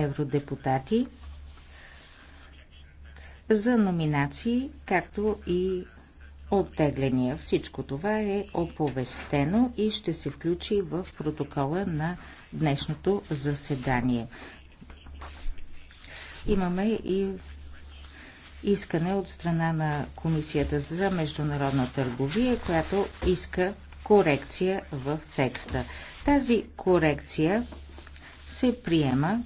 евродепутати за номинации, както и оттегляния. Всичко това е оповестено и ще се включи в протокола на днешното заседание. Имаме и искане от страна на Комисията за международна търговия, която иска корекция в текста. Тази корекция се приема